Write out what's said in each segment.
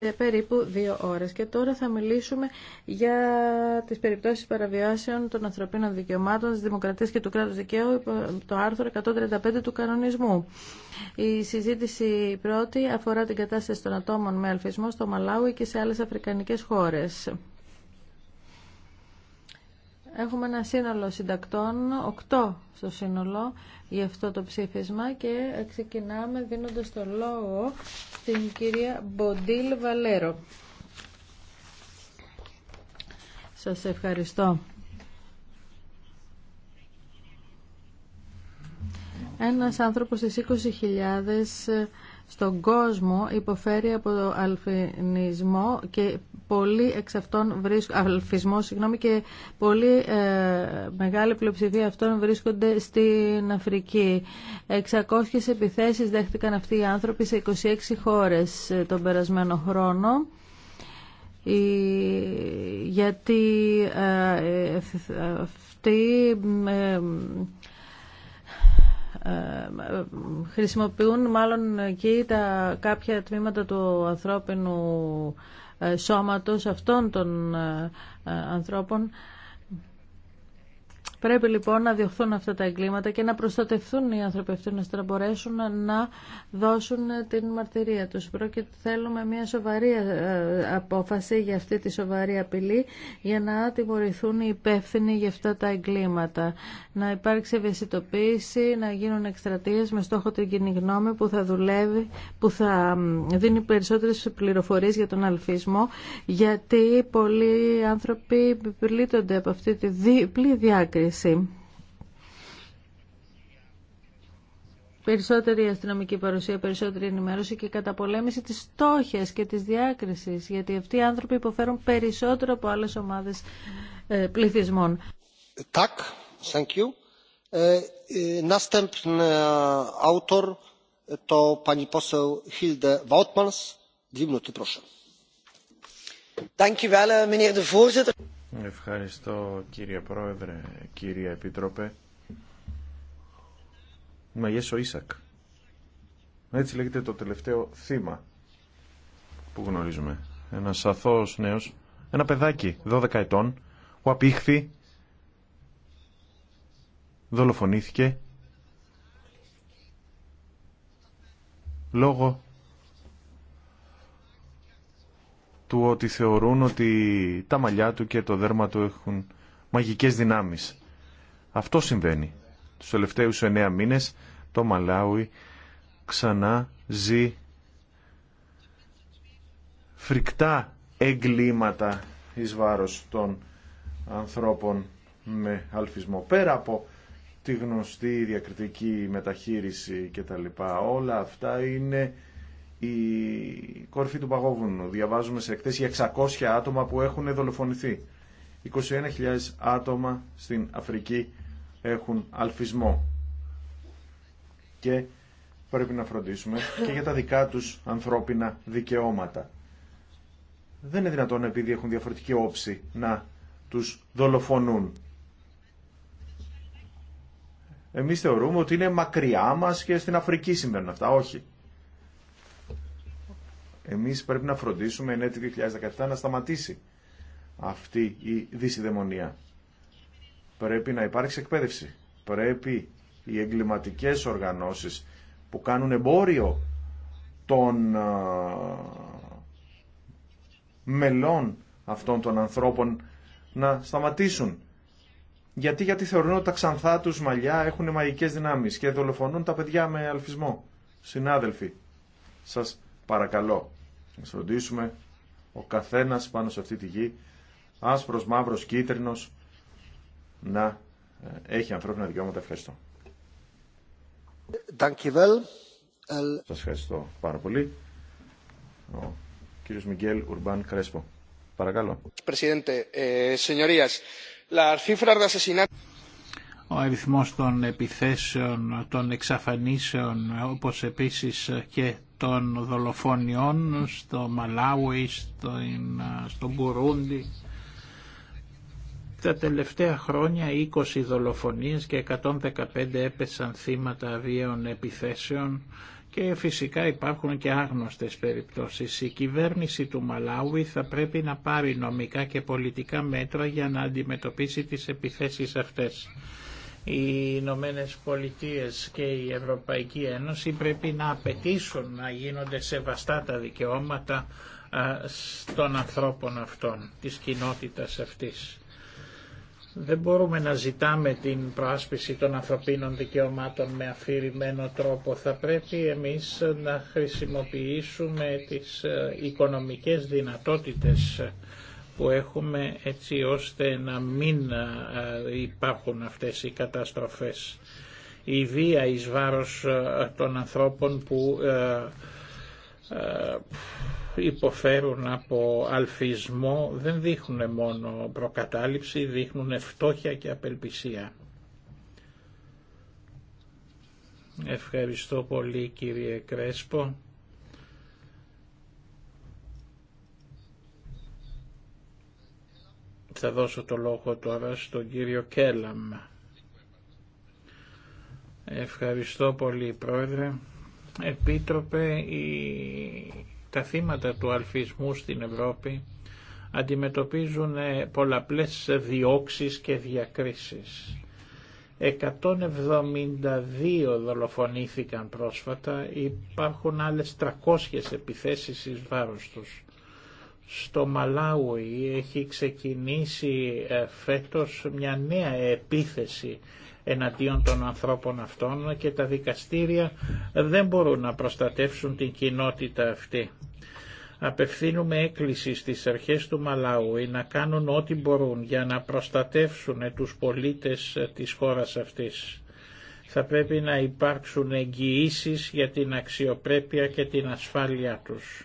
Ε, περίπου δύο ώρες και τώρα θα μιλήσουμε για τις περιπτώσεις παραβιάσεων των ανθρωπίνων δικαιωμάτων της Δημοκρατίας και του κράτους δικαίου το άρθρο 135 του κανονισμού. Η συζήτηση πρώτη αφορά την κατάσταση των ατόμων με αλφισμό στο Μαλάουι και σε άλλες αφρικανικές χώρες. Έχουμε ένα σύνολο συντακτών, οκτώ στο σύνολο για αυτό το ψήφισμα και ξεκινάμε δίνοντας το λόγο στην κυρία Μποντίλ Βαλέρο. Σας ευχαριστώ. Ένας άνθρωπος στις 20.000 στον κόσμο υποφέρει από το αλφινισμό και πολλοί εξ αυτών βρίσκονται, συγγνώμη, και πολύ ε, μεγάλη πλειοψηφία αυτών βρίσκονται στην Αφρική. 600 επιθέσεις δέχτηκαν αυτοί οι άνθρωποι σε 26 χώρες ε, τον περασμένο χρόνο γιατί ε, αυτοί χρησιμοποιούν μάλλον εκεί τα κάποια τμήματα του ανθρώπινου ε, σώματος αυτών των ε, ε, ανθρώπων Πρέπει λοιπόν να διωχθούν αυτά τα εγκλήματα και να προστατευτούν οι άνθρωποι αυτοί να μπορέσουν να δώσουν την μαρτυρία τους. Πρόκειται θέλουμε μια σοβαρή ε, απόφαση για αυτή τη σοβαρή απειλή για να τιμωρηθούν οι υπεύθυνοι για αυτά τα εγκλήματα. Να υπάρξει ευαισθητοποίηση, να γίνουν εκστρατείε με στόχο την κοινή γνώμη που θα δουλεύει, που θα δίνει περισσότερες πληροφορίες για τον αλφισμό γιατί πολλοί άνθρωποι πλήττονται από αυτή τη διπλή διάκριση Περισσότερη αστυνομική παρουσία, περισσότερη ενημέρωση και καταπολέμηση της στόχες και της διάκρισης, γιατί αυτοί οι άνθρωποι υποφέρουν περισσότερο από άλλες ομάδες ε, πληθυσμών. Tak, thank you. Ευχαριστώ κύριε Πρόεδρε, κύριε Επίτροπε. Μαγέσο Ίσακ. Έτσι λέγεται το τελευταίο θύμα που γνωρίζουμε. Ένα αθώος νέος, ένα παιδάκι 12 ετών, που απήχθη, δολοφονήθηκε λόγω του ότι θεωρούν ότι τα μαλλιά του και το δέρμα του έχουν μαγικές δυνάμεις. Αυτό συμβαίνει. Τους τελευταίους εννέα μήνες το Μαλάουι ξανά ζει φρικτά εγκλήματα εις βάρος των ανθρώπων με αλφισμό. Πέρα από τη γνωστή διακριτική μεταχείριση και τα λοιπά, όλα αυτά είναι η κόρφη του παγόβουνου. Διαβάζουμε σε εκτές 600 άτομα που έχουν δολοφονηθεί. 21.000 άτομα στην Αφρική έχουν αλφισμό. Και πρέπει να φροντίσουμε και για τα δικά τους ανθρώπινα δικαιώματα. Δεν είναι δυνατόν επειδή έχουν διαφορετική όψη να τους δολοφονούν. Εμείς θεωρούμε ότι είναι μακριά μας και στην Αφρική συμβαίνουν αυτά. Όχι. Εμείς πρέπει να φροντίσουμε εν έτη 2017 να σταματήσει αυτή η δυσυδαιμονία. Πρέπει να υπάρξει εκπαίδευση. Πρέπει οι εγκληματικές οργανώσεις που κάνουν εμπόριο των μελών αυτών των ανθρώπων να σταματήσουν. Γιατί, γιατί θεωρούν ότι τα ξανθά του μαλλιά έχουν μαγικέ δυνάμεις και δολοφονούν τα παιδιά με αλφισμό. Συνάδελφοι, σας παρακαλώ, να φροντίσουμε ο καθένας πάνω σε αυτή τη γη, άσπρος, μαύρος, κίτρινος, να ε, έχει ανθρώπινα δικαιώματα. Ευχαριστώ. Σας ευχαριστώ πάρα πολύ. Ο κύριος Μιγγέλ Ουρμπάν Κρέσπο. Παρακαλώ. Ε, ο αριθμός των επιθέσεων, των εξαφανίσεων, όπως επίσης και των δολοφονιών στο Μαλάουι, στο, ε, στο Μπουρούντι. Τα τελευταία χρόνια 20 δολοφονίες και 115 έπεσαν θύματα αβίαιων επιθέσεων και φυσικά υπάρχουν και άγνωστες περιπτώσεις. Η κυβέρνηση του Μαλάουι θα πρέπει να πάρει νομικά και πολιτικά μέτρα για να αντιμετωπίσει τις επιθέσεις αυτές οι Ηνωμένε Πολιτείε και η Ευρωπαϊκή Ένωση πρέπει να απαιτήσουν να γίνονται σεβαστά τα δικαιώματα των ανθρώπων αυτών, της κοινότητας αυτής. Δεν μπορούμε να ζητάμε την προάσπιση των ανθρωπίνων δικαιωμάτων με αφηρημένο τρόπο. Θα πρέπει εμείς να χρησιμοποιήσουμε τις ε, οικονομικές δυνατότητες ε, που έχουμε έτσι ώστε να μην υπάρχουν αυτές οι καταστροφές. Η βία εις βάρος των ανθρώπων που υποφέρουν από αλφισμό δεν δείχνουν μόνο προκατάληψη, δείχνουν φτώχεια και απελπισία. Ευχαριστώ πολύ κύριε Κρέσπο. Θα δώσω το λόγο τώρα στον κύριο Κέλαμ. Ευχαριστώ πολύ πρόεδρε. Επίτροπε, η... τα θύματα του αλφισμού στην Ευρώπη αντιμετωπίζουν ε, πολλαπλές διώξεις και διακρίσεις. 172 δολοφονήθηκαν πρόσφατα, υπάρχουν άλλες 300 επιθέσεις εις βάρος τους. Στο Μαλάουι έχει ξεκινήσει ε, φέτος μια νέα επίθεση εναντίον των ανθρώπων αυτών και τα δικαστήρια δεν μπορούν να προστατεύσουν την κοινότητα αυτή. Απευθύνουμε έκκληση στις αρχές του Μαλάουι να κάνουν ό,τι μπορούν για να προστατεύσουν τους πολίτες ε, της χώρας αυτής. Θα πρέπει να υπάρξουν εγγυήσεις για την αξιοπρέπεια και την ασφάλεια τους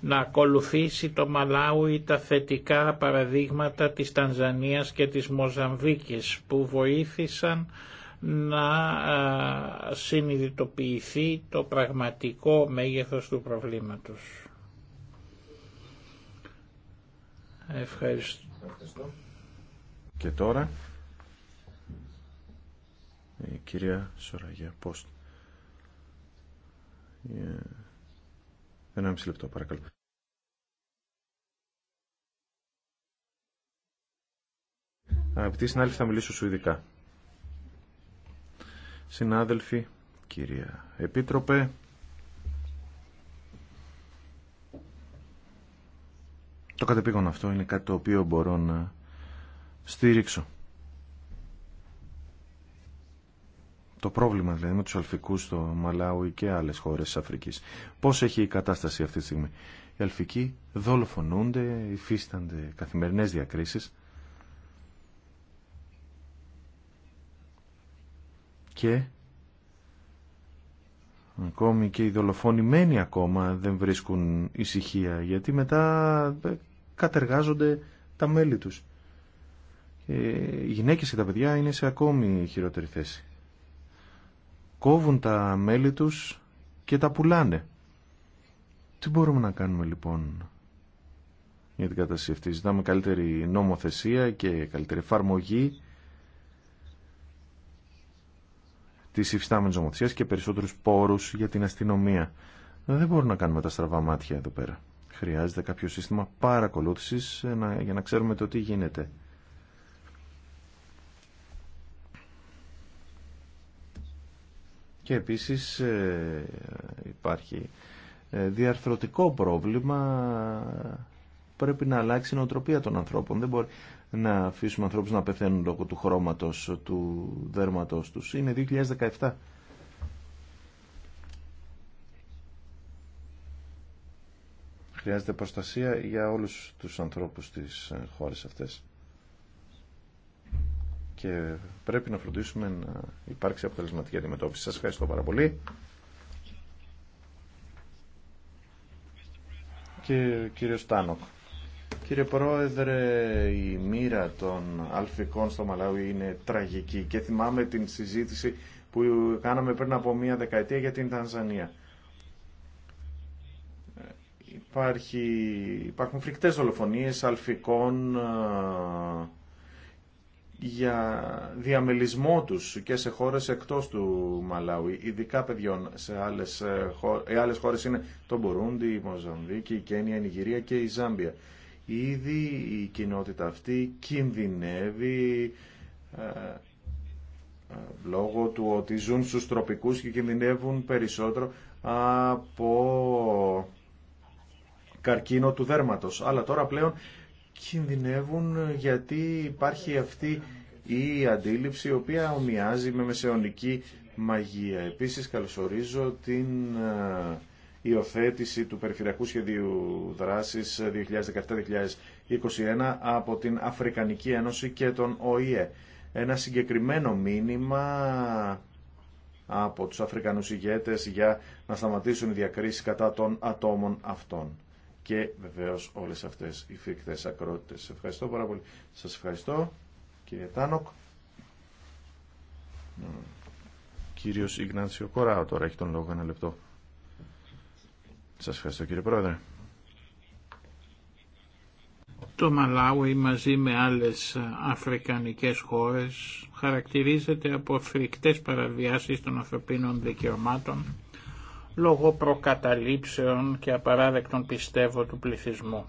να ακολουθήσει το Μαλάουι τα θετικά παραδείγματα της Τανζανίας και της Μοζαμβίκης που βοήθησαν να συνειδητοποιηθεί το πραγματικό μέγεθος του προβλήματος. Ευχαριστώ. Και τώρα η κυρία Σοραγιά Πόστ. Ε, ένα μισή λεπτό παρακαλώ. Αγαπητοί συνάδελφοι, θα μιλήσω σου ειδικά. Συνάδελφοι, κυρία Επίτροπε, το κατεπήγον αυτό είναι κάτι το οποίο μπορώ να στήριξω. το πρόβλημα δηλαδή με τους αλφικούς στο Μαλάουι και άλλες χώρες της Αφρικής. Πώς έχει η κατάσταση αυτή τη στιγμή. Οι αλφικοί δολοφονούνται, υφίστανται καθημερινές διακρίσεις και ακόμη και οι δολοφονημένοι ακόμα δεν βρίσκουν ησυχία γιατί μετά ε, κατεργάζονται τα μέλη τους. Ε, οι γυναίκες και τα παιδιά είναι σε ακόμη χειρότερη θέση κόβουν τα μέλη τους και τα πουλάνε. Τι μπορούμε να κάνουμε λοιπόν για την κατάσταση αυτή. Ζητάμε καλύτερη νομοθεσία και καλύτερη εφαρμογή της υφιστάμενης νομοθεσίας και περισσότερους πόρους για την αστυνομία. Δεν μπορούμε να κάνουμε τα στραβά μάτια εδώ πέρα. Χρειάζεται κάποιο σύστημα παρακολούθησης για να ξέρουμε το τι γίνεται. Και επίσης ε, υπάρχει ε, διαρθρωτικό πρόβλημα πρέπει να αλλάξει η νοοτροπία των ανθρώπων. Δεν μπορεί να αφήσουμε ανθρώπους να πεθαίνουν λόγω του χρώματος, του δέρματος τους. Είναι 2017. Χρειάζεται προστασία για όλους τους ανθρώπους της ε, χώρες αυτές και πρέπει να φροντίσουμε να υπάρξει αποτελεσματική αντιμετώπιση. Σας ευχαριστώ πάρα πολύ. Και κύριο Στάνοκ. Κύριε Πρόεδρε, η μοίρα των αλφικών στο Μαλάουι είναι τραγική και θυμάμαι την συζήτηση που κάναμε πριν από μία δεκαετία για την Τανζανία. Υπάρχει, υπάρχουν φρικτές δολοφονίες αλφικών ε, για διαμελισμό τους και σε χώρες εκτός του Μαλάουι, ειδικά παιδιών σε άλλες, ε, ε, χώρες, άλλες είναι το Μπουρούντι, η Μοζαμβίκη, η Κένια, η Νιγηρία και η Ζάμπια. Ήδη η κοινότητα αυτή κινδυνεύει ε, λόγω του ότι ζουν στους τροπικούς και κινδυνεύουν περισσότερο από καρκίνο του δέρματος. Αλλά τώρα πλέον κινδυνεύουν γιατί υπάρχει αυτή η αντίληψη η οποία ομοιάζει με μεσαιωνική μαγεία. Επίσης καλωσορίζω την ε, υιοθέτηση του Περιφερειακού Σχεδίου Δράσης 2017-2021 από την Αφρικανική Ένωση και τον ΟΗΕ. Ένα συγκεκριμένο μήνυμα από τους Αφρικανούς ηγέτες για να σταματήσουν οι διακρίσεις κατά των ατόμων αυτών και βεβαίως όλες αυτές οι φρικτές ακρότητες. Σας ευχαριστώ πάρα πολύ. Σας ευχαριστώ κύριε Τάνοκ. Κύριος Ιγνάνσιο Κοράο τώρα έχει τον λόγο ένα λεπτό. Σας ευχαριστώ κύριε Πρόεδρε. Το Μαλάουι μαζί με άλλες αφρικανικές χώρες χαρακτηρίζεται από φρικτές παραβιάσεις των ανθρωπίνων δικαιωμάτων λόγω προκαταλήψεων και απαράδεκτων πιστεύω του πληθυσμού.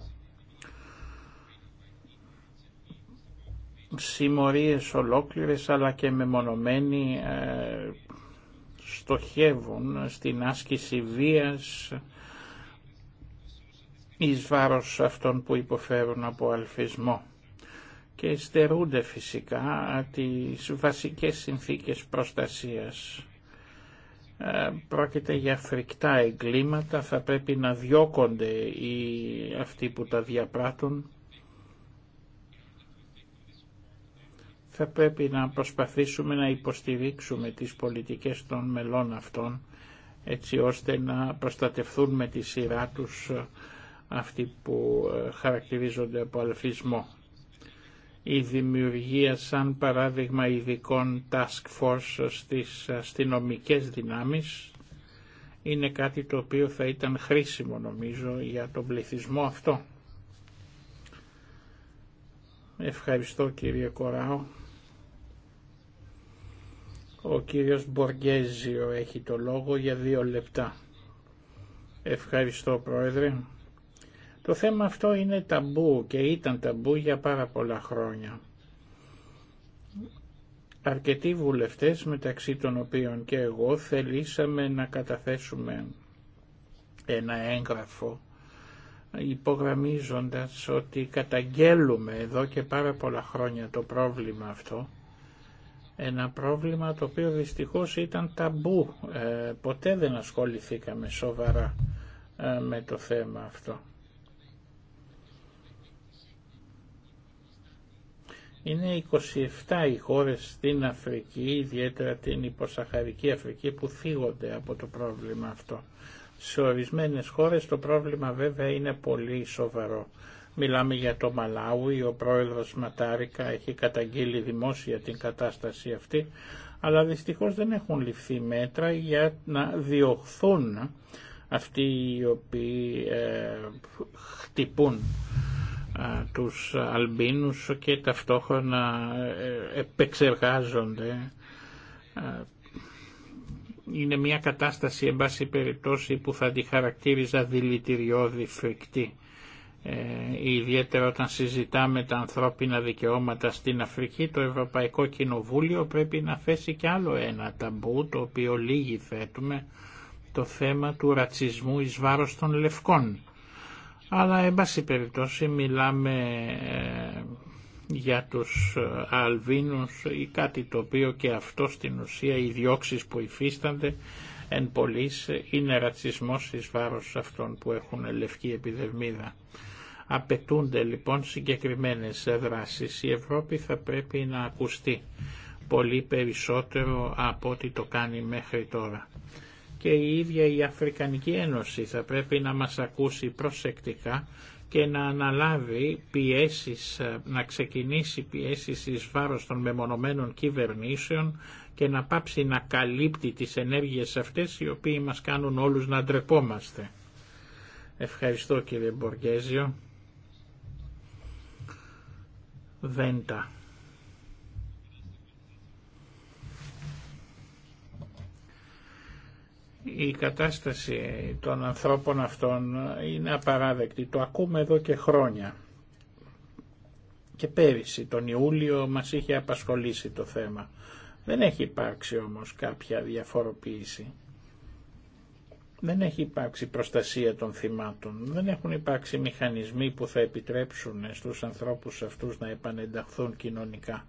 Συμμορίες ολόκληρες αλλά και μεμονωμένοι ε, στοχεύουν στην άσκηση βίας εις βάρος αυτών που υποφέρουν από αλφισμό και στερούνται φυσικά τις βασικές συνθήκες προστασίας. Ε, πρόκειται για φρικτά εγκλήματα, θα πρέπει να διώκονται οι, αυτοί που τα διαπράττουν. Θα πρέπει να προσπαθήσουμε να υποστηρίξουμε τις πολιτικές των μελών αυτών, έτσι ώστε να προστατευθούν με τη σειρά τους ε, αυτοί που ε, χαρακτηρίζονται από αλφισμό η δημιουργία σαν παράδειγμα ειδικών task force στις αστυνομικές δυνάμεις είναι κάτι το οποίο θα ήταν χρήσιμο νομίζω για τον πληθυσμό αυτό. Ευχαριστώ κύριε Κοράο. Ο κύριος Μποργέζιο έχει το λόγο για δύο λεπτά. Ευχαριστώ πρόεδρε. Το θέμα αυτό είναι ταμπού και ήταν ταμπού για πάρα πολλά χρόνια. Αρκετοί βουλευτές, μεταξύ των οποίων και εγώ, θελήσαμε να καταθέσουμε ένα έγγραφο υπογραμμίζοντας ότι καταγγέλουμε εδώ και πάρα πολλά χρόνια το πρόβλημα αυτό ένα πρόβλημα το οποίο δυστυχώς ήταν ταμπού. Ε, ποτέ δεν ασχοληθήκαμε σοβαρά ε, με το θέμα αυτό. Είναι 27 οι χώρες στην Αφρική, ιδιαίτερα την υποσαχαρική Αφρική, που φύγονται από το πρόβλημα αυτό. Σε ορισμένες χώρες το πρόβλημα βέβαια είναι πολύ σοβαρό. Μιλάμε για το Μαλάουι, ο πρόεδρος Ματάρικα έχει καταγγείλει δημόσια την κατάσταση αυτή, αλλά δυστυχώς δεν έχουν ληφθεί μέτρα για να διωχθούν αυτοί οι οποίοι ε, χτυπούν ε, τους Αλμπίνους και ταυτόχρονα ε, επεξεργάζονται. Ε, είναι μια κατάσταση, εν πάση περιπτώσει, που θα τη χαρακτήριζα δηλητηριώδη φρικτή. ιδιαίτερα όταν συζητάμε τα ανθρώπινα δικαιώματα στην Αφρική, το Ευρωπαϊκό Κοινοβούλιο πρέπει να θέσει κι άλλο ένα ταμπού, το οποίο λίγοι θέτουμε, το θέμα του ρατσισμού εις βάρος των λευκών αλλά, εν πάση περιπτώσει, μιλάμε ε, για τους ε, Αλβίνους ή κάτι το οποίο και αυτό στην ουσία οι διώξεις που υφίστανται εν πολλής είναι ρατσισμός εις βάρος αυτών που έχουν λευκή επιδευμίδα. Απαιτούνται λοιπόν συγκεκριμένες δράσεις. Η Ευρώπη θα πρέπει να ακουστεί πολύ περισσότερο από ό,τι το κάνει μέχρι τώρα και η ίδια η Αφρικανική Ένωση θα πρέπει να μας ακούσει προσεκτικά και να αναλάβει πιέσεις, ε, να ξεκινήσει πιέσεις εις βάρος των μεμονωμένων κυβερνήσεων και να πάψει να καλύπτει τις ενέργειες αυτές οι οποίοι μας κάνουν όλους να ντρεπόμαστε. Ευχαριστώ κύριε Μποργέζιο. Βέντα. Η κατάσταση των ανθρώπων αυτών είναι απαράδεκτη. Το ακούμε εδώ και χρόνια. Και πέρυσι, τον Ιούλιο, μας είχε απασχολήσει το θέμα. Δεν έχει υπάρξει όμως κάποια διαφοροποίηση. Δεν έχει υπάρξει προστασία των θυμάτων. Δεν έχουν υπάρξει μηχανισμοί που θα επιτρέψουν στους ανθρώπους αυτούς να επανενταχθούν κοινωνικά.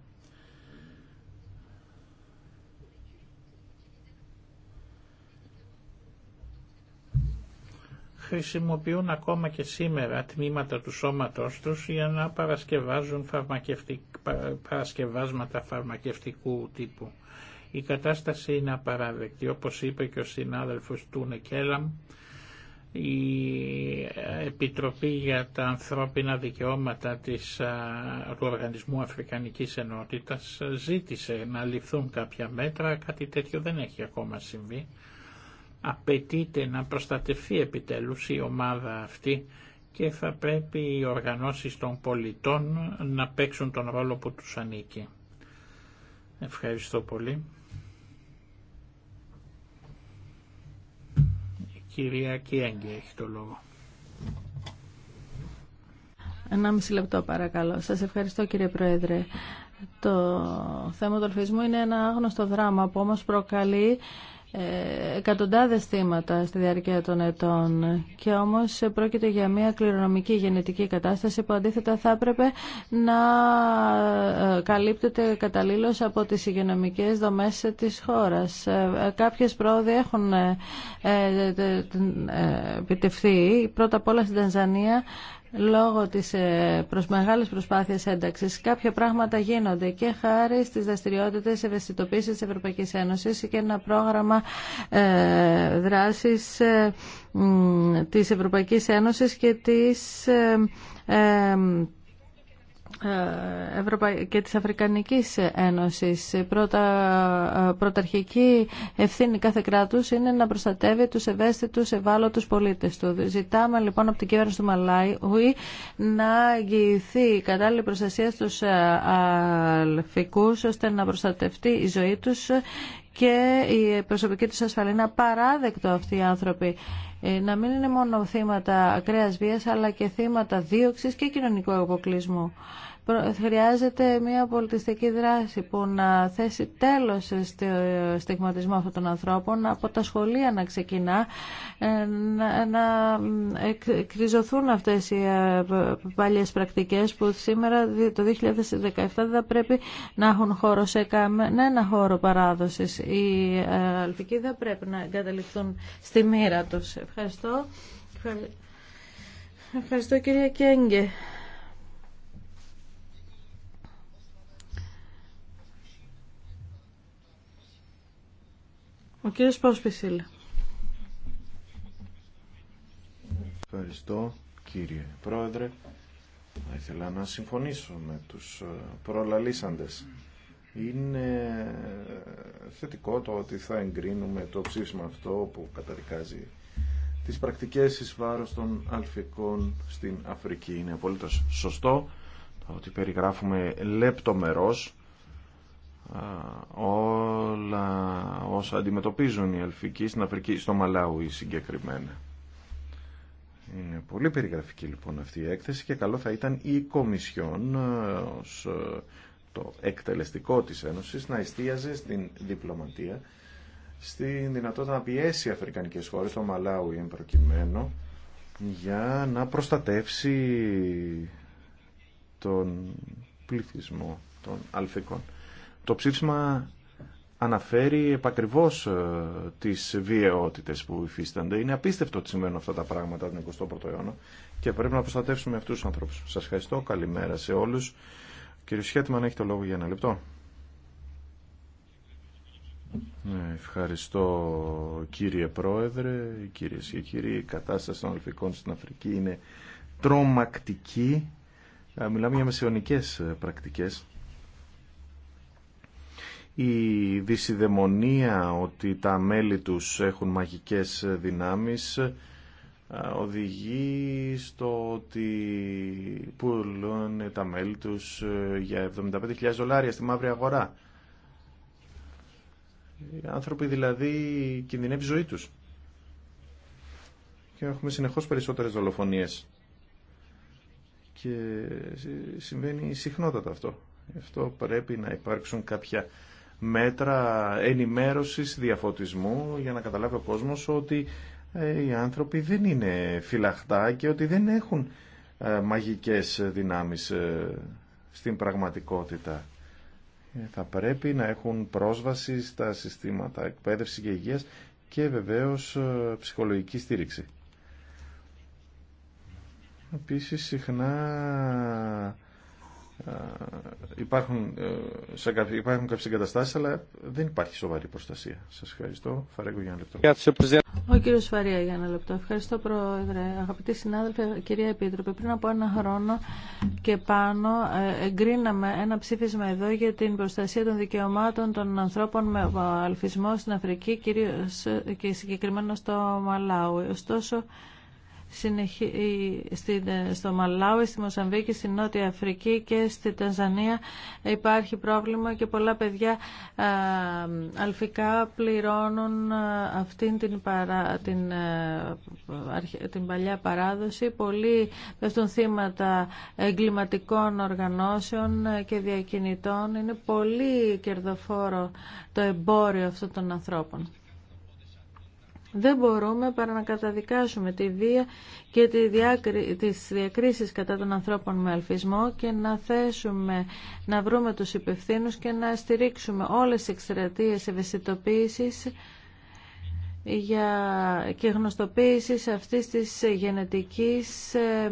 χρησιμοποιούν ακόμα και σήμερα τμήματα του σώματος τους για να παρασκευάζουν φαρμακευτικ... παρασκευάσματα φαρμακευτικού τύπου. Η κατάσταση είναι απαράδεκτη. Όπως είπε και ο συνάδελφος του Νεκέλαμ η Επιτροπή για τα Ανθρώπινα Δικαιώματα της, του Οργανισμού Αφρικανικής Ενότητας ζήτησε να ληφθούν κάποια μέτρα, κάτι τέτοιο δεν έχει ακόμα συμβεί απαιτείται να προστατευτεί επιτέλους η ομάδα αυτή και θα πρέπει οι οργανώσεις των πολιτών να παίξουν τον ρόλο που τους ανήκει. Ευχαριστώ πολύ. Η κυρία Κιέγγε έχει το λόγο. Ένα μισή λεπτό παρακαλώ. Σας ευχαριστώ κύριε Πρόεδρε. Το θέμα του αλφισμού είναι ένα άγνωστο δράμα που όμως προκαλεί ε, εκατοντάδες θύματα στη διάρκεια των ετών και όμως πρόκειται για μια κληρονομική γενετική κατάσταση που αντίθετα θα έπρεπε να ε, καλύπτεται καταλήλως από τις υγειονομικές δομές της χώρας. Ε, κάποιες πρόοδοι έχουν επιτευθεί. πρώτα απ' όλα στην Τανζανία λόγω της ε, προς μεγάλης προσπάθειας ένταξης κάποια πράγματα γίνονται και χάρη στις δραστηριότητες ευαισθητοποίησης της Ευρωπαϊκής Ένωσης και ένα πρόγραμμα ε, δράσης ε, της Ευρωπαϊκής Ένωσης και της ε, και της Αφρικανικής Ένωσης. Η πρωτα, ε, πρωταρχική ευθύνη κάθε κράτους είναι να προστατεύει τους ευαίσθητους ευάλωτους πολίτες του. Ζητάμε λοιπόν από την κυβέρνηση του Μαλάι να αγγιηθεί η κατάλληλη προστασία στους ε, αλφικούς ώστε να προστατευτεί η ζωή τους και η προσωπική τους ασφαλή. Είναι απαράδεκτο αυτοί οι άνθρωποι να μην είναι μόνο θύματα ακραίας βίας αλλά και θύματα δίωξης και κοινωνικού αποκλεισμού χρειάζεται μια πολιτιστική δράση που να θέσει τέλος στο στιγματισμό αυτών των ανθρώπων, από τα σχολεία να ξεκινά, ε, να εκκριζωθούν αυτές οι ε, παλιές πρακτικές που σήμερα το 2017 δεν θα πρέπει να έχουν χώρο σε κανένα χώρο παράδοσης. Οι ε, αλφικοί δεν πρέπει να εγκαταληφθούν στη μοίρα τους. Ευχαριστώ. Ευχαριστώ κυρία Κέγκε. Ο κύριος Παουσπισίλ. Ευχαριστώ κύριε Πρόεδρε. Θα ήθελα να συμφωνήσω με τους ε, προλαλήσαντες. Είναι ε, θετικό το ότι θα εγκρίνουμε το ψήφισμα αυτό που καταδικάζει τις πρακτικές εις βάρος των αλφικών στην Αφρική. Είναι απολύτως σωστό το ότι περιγράφουμε λεπτομερώς όλα όσα αντιμετωπίζουν οι αλφικοί στην Αφρική, στο Μαλάουι συγκεκριμένα. Είναι πολύ περιγραφική λοιπόν αυτή η έκθεση και καλό θα ήταν η Κομισιόν ως το εκτελεστικό της Ένωσης να εστίαζε στην διπλωματία στην δυνατότητα να πιέσει αφρικανικές χώρες, το Μαλάουι εμπροκειμένο, για να προστατεύσει τον πληθυσμό των αλφικών. Το ψήφισμα αναφέρει επακριβώς ε, τις βιαιότητες που υφίστανται. Είναι απίστευτο ότι σημαίνουν αυτά τα πράγματα τον 21ο αιώνα και πρέπει να προστατεύσουμε αυτούς τους ανθρώπους. Σας ευχαριστώ. Καλημέρα σε όλους. Κύριε Σχέτμαν, έχει το λόγο για ένα λεπτό. Ναι, ευχαριστώ κύριε Πρόεδρε, κύριε και κύριοι. Η κατάσταση των αλφικών στην Αφρική είναι τρομακτική. Ε, μιλάμε για μεσαιωνικές ε, πρακτικές η δυσιδαιμονία ότι τα μέλη τους έχουν μαγικές δυνάμεις οδηγεί στο ότι πουλούν τα μέλη τους ε, για 75.000 δολάρια στη μαύρη αγορά. Οι άνθρωποι δηλαδή κινδυνεύει η ζωή τους. Και έχουμε συνεχώς περισσότερες δολοφονίες. Και συμβαίνει συχνότατα αυτό. αυτό πρέπει να υπάρξουν κάποια μέτρα ενημέρωσης, διαφωτισμού για να καταλάβει ο κόσμος ότι ε, οι άνθρωποι δεν είναι φυλαχτά και ότι δεν έχουν ε, μαγικές δυνάμεις ε, στην πραγματικότητα. Θα πρέπει να έχουν πρόσβαση στα συστήματα εκπαίδευση και υγείας και βεβαίως ψυχολογική στήριξη. Επίσης συχνά ε, υπάρχουν, ε, σε κάποιες, υπάρχουν κάποιες εγκαταστάσεις, αλλά δεν υπάρχει σοβαρή προστασία. Σας ευχαριστώ. Φαρέγκο για ένα λεπτό. Ο κύριος Φαρία για ένα λεπτό. Ευχαριστώ Πρόεδρε. Αγαπητοί συνάδελφοι, κυρία Επίτροπε, πριν από ένα χρόνο και πάνω ε, εγκρίναμε ένα ψήφισμα εδώ για την προστασία των δικαιωμάτων των ανθρώπων με αλφισμό στην Αφρική, κυρίως και συγκεκριμένα στο Μαλάου. Ωστόσο, ε, στο Μαλάουι, στη Μοσαμβίκη, στη Νότια Αφρική και στη Τανζανία υπάρχει πρόβλημα και πολλά παιδιά ε, αλφικά πληρώνουν ε, αυτήν την, παρά, την, την παλιά παράδοση. Πολλοί πέφτουν θύματα εγκληματικών οργανώσεων και διακινητών. Είναι πολύ κερδοφόρο το εμπόριο αυτών των ανθρώπων. Δεν μπορούμε παρά να καταδικάσουμε τη βία και τη διακρι... τις διακρίσεις κατά των ανθρώπων με αλφισμό και να θέσουμε, να βρούμε τους υπευθύνους και να στηρίξουμε όλες τις εξτρατείες ευαισθητοποίησης για και γνωστοποίηση αυτής της γενετικής ε,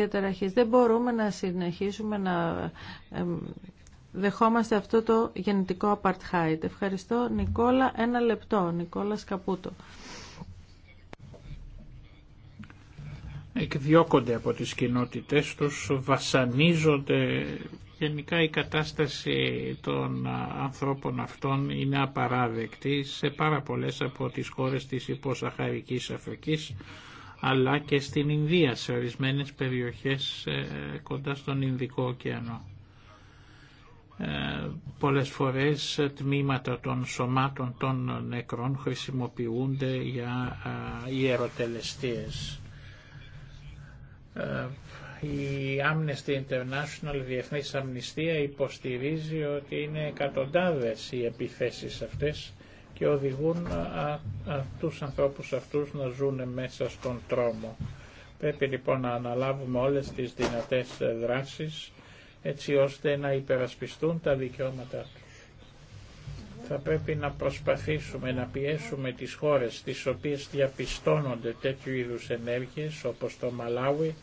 ε Δεν μπορούμε να συνεχίσουμε να δεχόμαστε αυτό το γενετικό apartheid. Ευχαριστώ Νικόλα. Ένα λεπτό. Νικόλα Σκαπούτο. Εκδιώκονται από τις κοινότητες τους, βασανίζονται. Γενικά η κατάσταση των ανθρώπων αυτών είναι απαράδεκτη σε πάρα πολλές από τις χώρες της υποσαχαρικής Αφρικής αλλά και στην Ινδία, σε ορισμένες περιοχές ε, κοντά στον Ινδικό ωκεανό πολλές φορές τμήματα των σωμάτων των νεκρών χρησιμοποιούνται για ιεροτελεστίες. Ε, η Amnesty International, η Διεθνής Αμνηστία υποστηρίζει ότι είναι εκατοντάδες οι επιθέσεις αυτές και οδηγούν α, α, τους ανθρώπους αυτούς να ζουν μέσα στον τρόμο. Πρέπει λοιπόν να αναλάβουμε όλες τις δυνατές δράσεις έτσι ώστε να υπερασπιστούν τα δικαιώματά τους. Θα πρέπει να προσπαθήσουμε να πιέσουμε τις χώρες τις οποίες διαπιστώνονται τέτοιου είδους ενέργειες όπως το Μαλάουι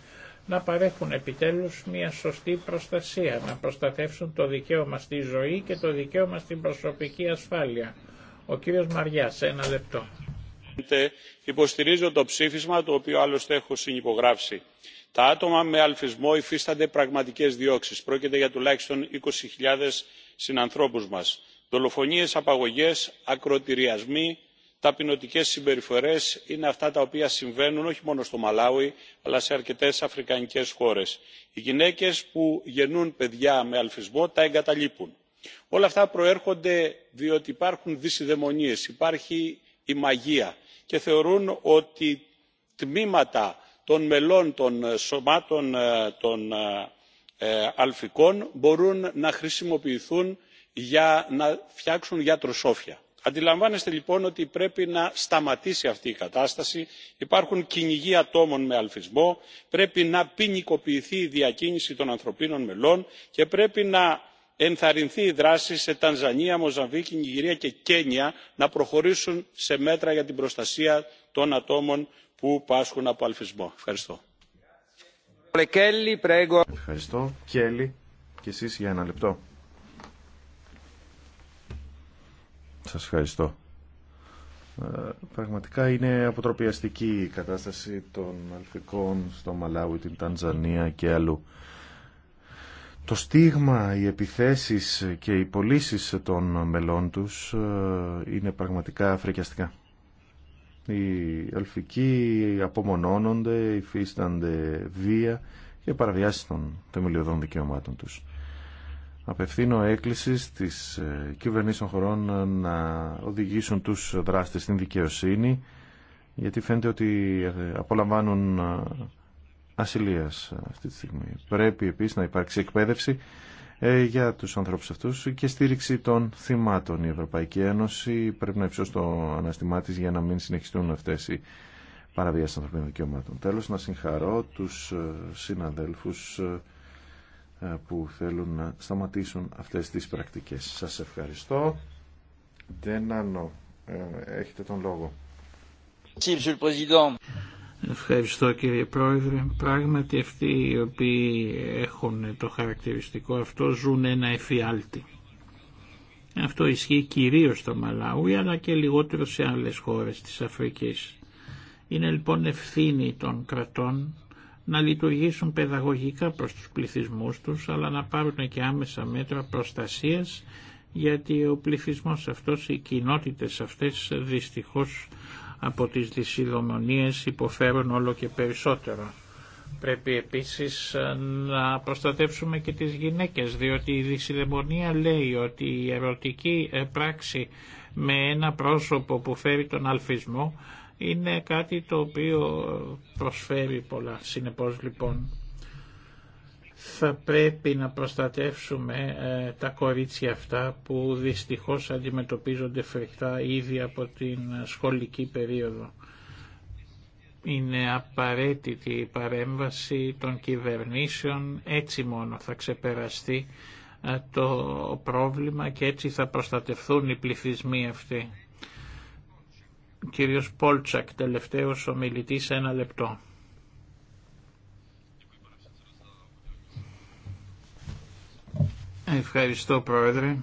να παρέχουν επιτέλους μια σωστή προστασία, να προστατεύσουν το δικαίωμα στη ζωή και το δικαίωμα στην προσωπική ασφάλεια. Ο κύριος Μαριάς, ένα λεπτό. Υποστηρίζω το ψήφισμα το οποίο άλλωστε έχω συνυπογράψει τα άτομα με αλφισμό υφίστανται πραγματικές διώξεις πρόκειται για τουλάχιστον 20.000 συνανθρώπους μας δολοφονίες απαγωγές ακροτηριασμοί ταπεινωτικές συμπεριφορές είναι αυτά τα οποία συμβαίνουν όχι μόνο στο μαλάουι αλλά σε αρκετές αφρικανικές χώρες. οι γυναίκες που γεννούν παιδιά με αλφισμό τα εγκαταλείπουν. όλα αυτά προέρχονται διότι υπάρχουν δυσιδαιμονίες υπάρχει η μαγεία και θεωρούν ότι τμήματα των μελών των ε, σωμάτων ε, των ε, αλφικών μπορούν να χρησιμοποιηθούν για να φτιάξουν γιατροσόφια. αντιλαμβάνεστε λοιπόν ότι πρέπει να σταματήσει αυτή η κατάσταση υπάρχουν κυνηγοί ατόμων με αλφισμό πρέπει να ποινικοποιηθεί η διακίνηση των ανθρωπίνων μελών και πρέπει να ενθαρρυνθεί η δράση σε τανζανία μοζαμβίκη νιγηρία και κένια να προχωρήσουν σε μέτρα για την προστασία των ατόμων που πάσχουν από αλφισμό. Ευχαριστώ. Ευχαριστώ. Κέλλη, και εσείς για ένα λεπτό. Σας ευχαριστώ. Ε, πραγματικά είναι αποτροπιαστική η κατάσταση των αλφικών στο Μαλάουι, την Τανζανία και αλλού. Το στίγμα, οι επιθέσεις και οι πωλήσει των μελών τους ε, είναι πραγματικά φρικιαστικά. Οι αλφικοί απομονώνονται, υφίστανται βία και παραβιάσεις των θεμελιωδών δικαιωμάτων τους. Απευθύνω έκκληση στις ε, κυβερνήσεων χωρών να οδηγήσουν τους δράστες στην δικαιοσύνη γιατί φαίνεται ότι ε, απολαμβάνουν ε, ασυλίας αυτή τη στιγμή. Πρέπει επίσης να υπάρξει εκπαίδευση ε, για τους ανθρώπους αυτούς και στήριξη των θυμάτων. Η Ευρωπαϊκή Ένωση πρέπει να υψώσει το αναστημά της για να μην συνεχιστούν αυτές οι παραβίασεις ανθρωπίνων δικαιωμάτων. Τέλος, να συγχαρώ τους ε, συναδέλφους ε, που θέλουν να σταματήσουν αυτές τις πρακτικές. Σας ευχαριστώ. Δεν ανώ. Έχετε τον λόγο. Ευχαριστώ κύριε Πρόεδρε. Πράγματι αυτοί οι οποίοι έχουν το χαρακτηριστικό αυτό ζουν ένα εφιάλτη. Αυτό ισχύει κυρίως στο Μαλάουι αλλά και λιγότερο σε άλλες χώρες της Αφρικής. Είναι λοιπόν ευθύνη των κρατών να λειτουργήσουν παιδαγωγικά προς τους πληθυσμούς τους αλλά να πάρουν και άμεσα μέτρα προστασίας γιατί ο πληθυσμός αυτός, οι κοινότητες αυτές δυστυχώς από τις δυσιδομονίες υποφέρουν όλο και περισσότερο. Πρέπει επίσης ε, να προστατεύσουμε και τις γυναίκες, διότι η δυσιδαιμονία λέει ότι η ερωτική ε, πράξη με ένα πρόσωπο που φέρει τον αλφισμό είναι κάτι το οποίο ε, προσφέρει πολλά. Συνεπώς λοιπόν θα πρέπει να προστατεύσουμε ε, τα κορίτσια αυτά που δυστυχώς αντιμετωπίζονται φρικτά ήδη από την σχολική περίοδο. Είναι απαραίτητη η παρέμβαση των κυβερνήσεων, έτσι μόνο θα ξεπεραστεί ε, το πρόβλημα και έτσι θα προστατευθούν οι πληθυσμοί αυτοί. κύριος Πόλτσακ, τελευταίος ομιλητής, ένα λεπτό. Ευχαριστώ Πρόεδρε.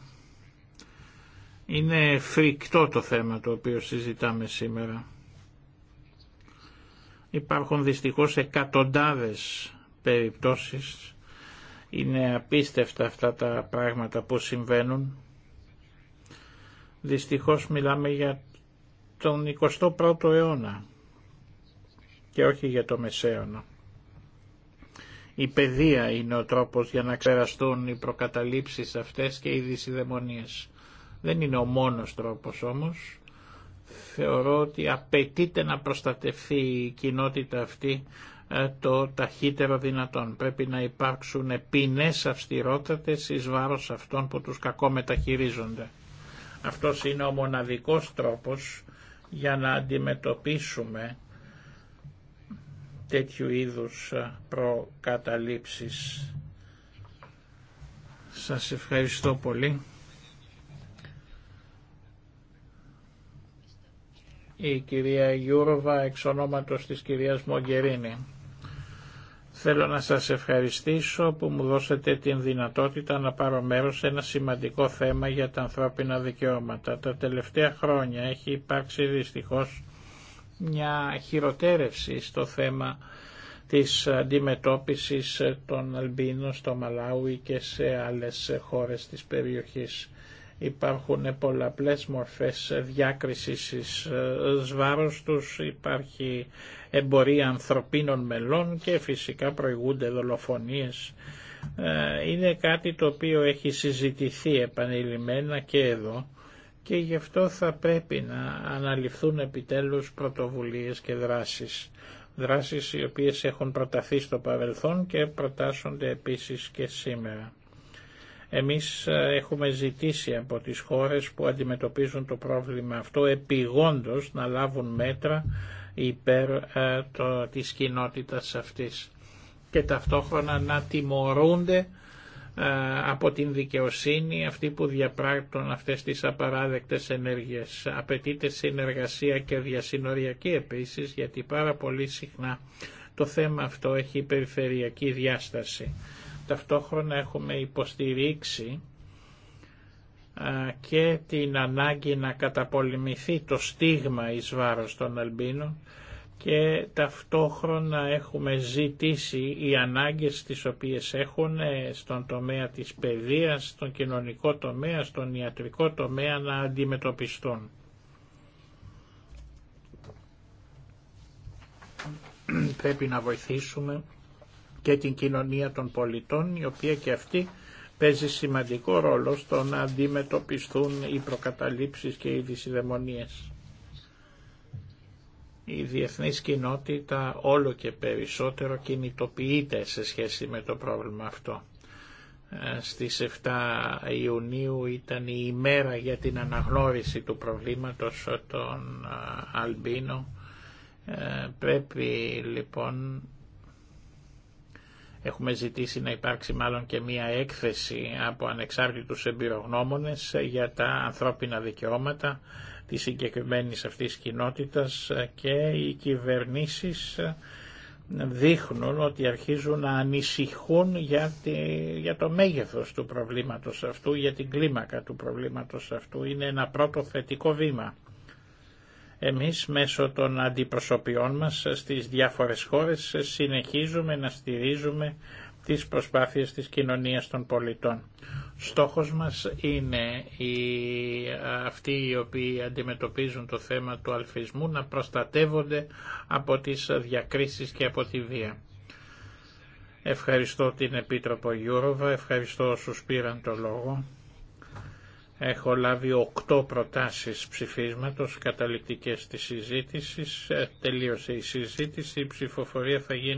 Είναι φρικτό το θέμα το οποίο συζητάμε σήμερα. Υπάρχουν δυστυχώς εκατοντάδες περιπτώσεις. Είναι απίστευτα αυτά τα πράγματα που συμβαίνουν. Δυστυχώς μιλάμε για τον 21ο αιώνα και όχι για το μεσαίωνα. Η παιδεία είναι ο τρόπος για να ξεραστούν οι προκαταλήψεις αυτές και οι δυσιδαιμονίες. Δεν είναι ο μόνος τρόπος όμως. Θεωρώ ότι απαιτείται να προστατευτεί η κοινότητα αυτή ε, το ταχύτερο δυνατόν. Πρέπει να υπάρξουν ποινές αυστηρότατες εις βάρος αυτών που τους κακό μεταχειρίζονται. Αυτός είναι ο μοναδικός τρόπος για να αντιμετωπίσουμε τέτοιου είδους ε, προκαταλήψεις. Σας ευχαριστώ πολύ. Η κυρία Γιούροβα εξ ονόματος της κυρίας Μογκερίνη. Θέλω να σας ευχαριστήσω που μου δώσετε την δυνατότητα να πάρω μέρος σε ένα σημαντικό θέμα για τα ανθρώπινα δικαιώματα. Τα τελευταία χρόνια έχει υπάρξει δυστυχώς μια χειροτέρευση στο θέμα της αντιμετώπισης των Αλμπίνων στο Μαλάουι και σε άλλες χώρες της περιοχής. Υπάρχουν πολλαπλές μορφές διάκρισης της σβάρους ε, τους, υπάρχει εμπορία ανθρωπίνων μελών και φυσικά προηγούνται δολοφονίες. Ε, είναι κάτι το οποίο έχει συζητηθεί επανειλημμένα και εδώ και γι' αυτό θα πρέπει να αναλυφθούν επιτέλους πρωτοβουλίες και δράσεις. Δράσεις οι οποίες έχουν προταθεί στο παρελθόν και προτάσσονται επίσης και σήμερα. Εμείς ε, έχουμε ζητήσει από τις χώρες που αντιμετωπίζουν το πρόβλημα αυτό επιγόντως να λάβουν μέτρα υπέρ ε, το, της κοινότητας αυτής και ταυτόχρονα να τιμωρούνται ε, από την δικαιοσύνη αυτή που διαπράττουν αυτές τις απαράδεκτες ενέργειες. Απαιτείται συνεργασία και διασυνοριακή επίσης γιατί πάρα πολύ συχνά το θέμα αυτό έχει περιφερειακή διάσταση. Ταυτόχρονα έχουμε υποστηρίξει ε, και την ανάγκη να καταπολεμηθεί το στίγμα εις βάρος των Αλμπίνων και ταυτόχρονα έχουμε ζητήσει οι ανάγκες τις οποίες έχουν ε, στον τομέα της παιδείας, στον κοινωνικό τομέα, στον ιατρικό τομέα να αντιμετωπιστούν. Πρέπει να βοηθήσουμε και την κοινωνία των πολιτών η οποία και αυτή παίζει σημαντικό ρόλο στο να αντιμετωπιστούν οι προκαταλήψεις και οι δυσιδαιμονίες η διεθνής κοινότητα όλο και περισσότερο κινητοποιείται σε σχέση με το πρόβλημα αυτό. Ε, στις 7 Ιουνίου ήταν η ημέρα για την αναγνώριση του προβλήματος των ε, Αλμπίνο. Ε, πρέπει λοιπόν, έχουμε ζητήσει να υπάρξει μάλλον και μία έκθεση από ανεξάρτητους εμπειρογνώμονες για τα ανθρώπινα δικαιώματα της συγκεκριμένης αυτής κοινότητας και οι κυβερνήσεις δείχνουν ότι αρχίζουν να ανησυχούν για, για το μέγεθος του προβλήματος αυτού, για την κλίμακα του προβλήματος αυτού. Είναι ένα πρώτο θετικό βήμα. Εμείς μέσω των αντιπροσωπιών μας στις διάφορες χώρες συνεχίζουμε να στηρίζουμε τις προσπάθειες της κοινωνίας των πολιτών. Στόχος μας είναι οι, αυτοί οι οποίοι αντιμετωπίζουν το θέμα του αλφισμού να προστατεύονται από τις διακρίσεις και από τη βία. Ευχαριστώ την Επίτροπο Γιούροβα, ευχαριστώ όσους πήραν το λόγο. Έχω λάβει οκτώ προτάσεις ψηφίσματος καταληκτικές της συζήτησης. Ε, τελείωσε η συζήτηση, η ψηφοφορία θα γίνει